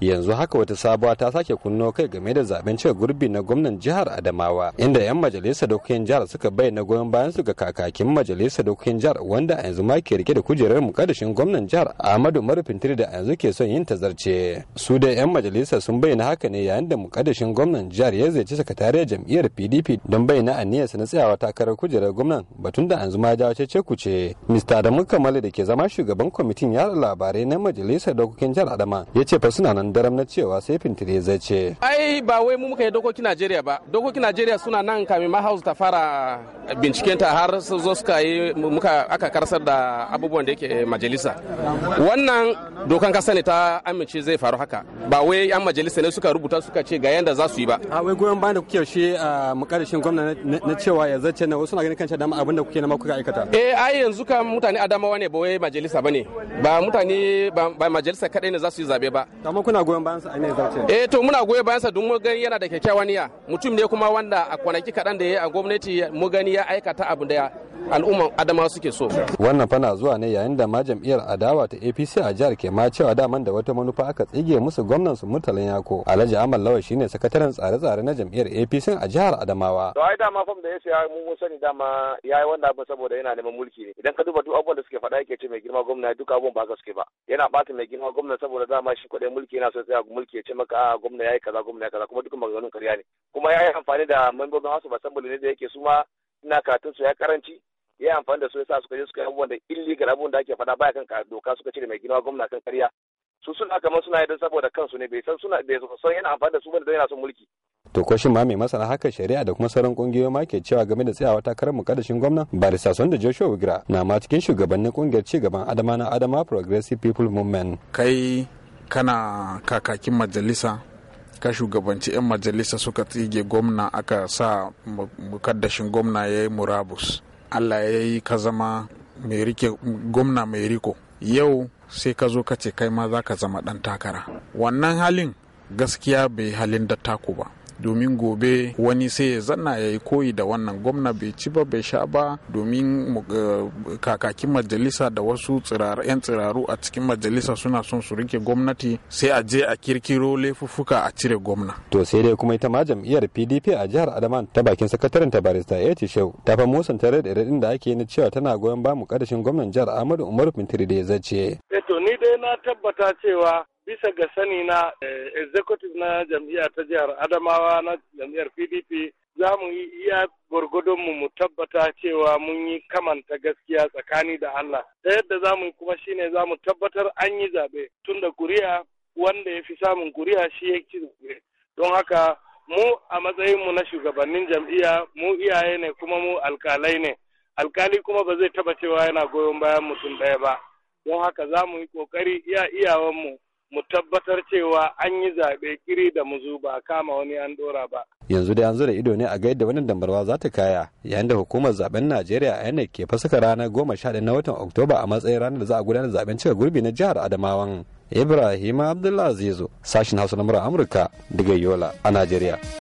yanzu haka wata sabuwa ta sake kunno kai game da zaben cika gurbi na gwamnan jihar adamawa inda yan Majalisa dokokin jihar suka bayyana goyon bayan su ga kakakin majalisa dokokin jihar wanda a yanzu ma ke rike da kujerar mukaddashin gwamnan jihar ahmadu marufin da a yanzu ke son yin tazarce su da yan Majalisa sun bayyana haka ne yayin da mukaddashin gwamnan jihar ya ziyarci sakatariyar jam'iyyar pdp don bayyana aniyarsa na tsayawa takarar kujerar gwamnan batun da yanzu ma jawo cece ce. Mista adamu kamale da ke zama shugaban kwamitin yada labarai na majalisa dokokin jihar adama ya ce fa suna nan daram na cewa sai fintire zai ce ai ba wai mu muka yi dokokin najeriya ba dokokin najeriya suna nan kamin ma house ta fara bincikenta har su zo suka yi muka aka karsar da abubuwan da yake majalisa wannan dokan kasa ne ta amince zai faru haka ba wai yan majalisa ne suka rubuta suka ce ga yanda za su yi ba a wai goyon bayan da kuke yaushe a mukarishin gwamna na cewa ya zace na wasu na ganin kanci dama abin da kuke na kuka aikata eh ai yanzu kan mutane adamawa ne ba wai majalisa bane ba mutane ba majalisa kadai ne za su yi zabe ba amma kuna kuna goyon bayan sa a me eh to muna goyon bayan sa don gani yana da kyakkyawan niyya mutum ne kuma wanda a kwanaki kadan da ya a gwamnati mu gani ya aikata abu da al'umman adama suke so wannan fana zuwa ne yayin da ma jam'iyyar adawa ta apc a jihar ke ma cewa daman da wata manufa aka tsige musu gwamnan su murtalan yako alhaji amal lawal shine sakataren tsare-tsare na jam'iyyar apc a jihar adamawa to ai dama fam da ya mu mun sani dama yayi wanda abin saboda yana neman mulki ne idan ka duba duk abubuwan da suke faɗa yake ce mai girma gwamna duk abubuwan ba suke ba yana bata mai girma gwamna saboda dama shi kwaɗayin mulki yana so ya mulki ya ce maka a gwamna yayi kaza gwamna kaza kuma dukkan maganganun karya ne kuma yayi amfani da membobin hasu ba ne da yake su ma ina karatun su ya karanci ya amfani da su yasa suka je suka yi abubuwan da illegal abubuwan da ake faɗa baya kan doka suka cire mai ginawa gwamna kan karya su suna kamar suna yadda saboda kansu ne bai san suna bai san yana amfani da su bane don yana son mulki to ko shin ma mai masana haka shari'a da kuma sauran kungiyoyi ma ke cewa game da tsayawa takarar mukaddashin gwamna barista son da Joshua Wigra na ma cikin shugabannin kungiyar ci gaban Adama na Adama Progressive People Movement kai kana kakakin majalisa ka shugabanci 'yan majalisa suka tsige gwamna aka sa mukaddashin gwamna ya yi murabus allah ya yi ka zama gwamna mai riko yau sai ka zo ka ce kai ma za ka zama ɗan takara wannan halin gaskiya bai halin da taku ba domin gobe wani sai ya zanna ya yi koyi da wannan gwamna bai ci ba bai sha ba domin eh, kakakin majalisa da wasu yan tsiraru a cikin majalisa suna son su rike gwamnati sai a je a kirkiro laifuffuka a cire gwamna. To sai dai kuma ita ma jam'iyyar PDP a jihar Adaman ta bakin sakataren ta barista ce shau ta fa musanta da irin da ake na cewa tana goyon bamu karshen gwamnan jihar Ahmadu Umaru Fintiri da ya zace. Eh to ni dai na tabbata cewa bisa ga sani na eh, executive na jam'iyya ta jihar adamawa na jam'iyyar pdp za mu yi iya gwargwadon mu tabbata cewa mun yi kamanta gaskiya tsakani da allah ta yadda za mu kuma shine za mu tabbatar an yi zaɓe tun da kuri'a wanda ya fi samun kuri'a shi ya ci zaɓe don haka mu a matsayin mu na shugabannin jam'iyya mu iyaye ne kuma mu alkalai ne alkali kuma ba zai taba cewa yana goyon bayan mutum ɗaya ba don haka za mu yi ƙoƙari iya iyawanmu mu tabbatar cewa an yi zaɓe kiri da muzu ba kama wani an dora ba. Yanzu da yanzu da ido ne a gaida yadda wannan dambarwa za ta kaya yayin da hukumar zaben Najeriya a INEC ke fasaka ranar goma sha na watan Oktoba a matsayin ranar da za a gudanar zaben cika gurbi na jihar Adamawan. Ibrahim Abdullah Azizu sashin Hausa na Amurka daga Yola a Najeriya.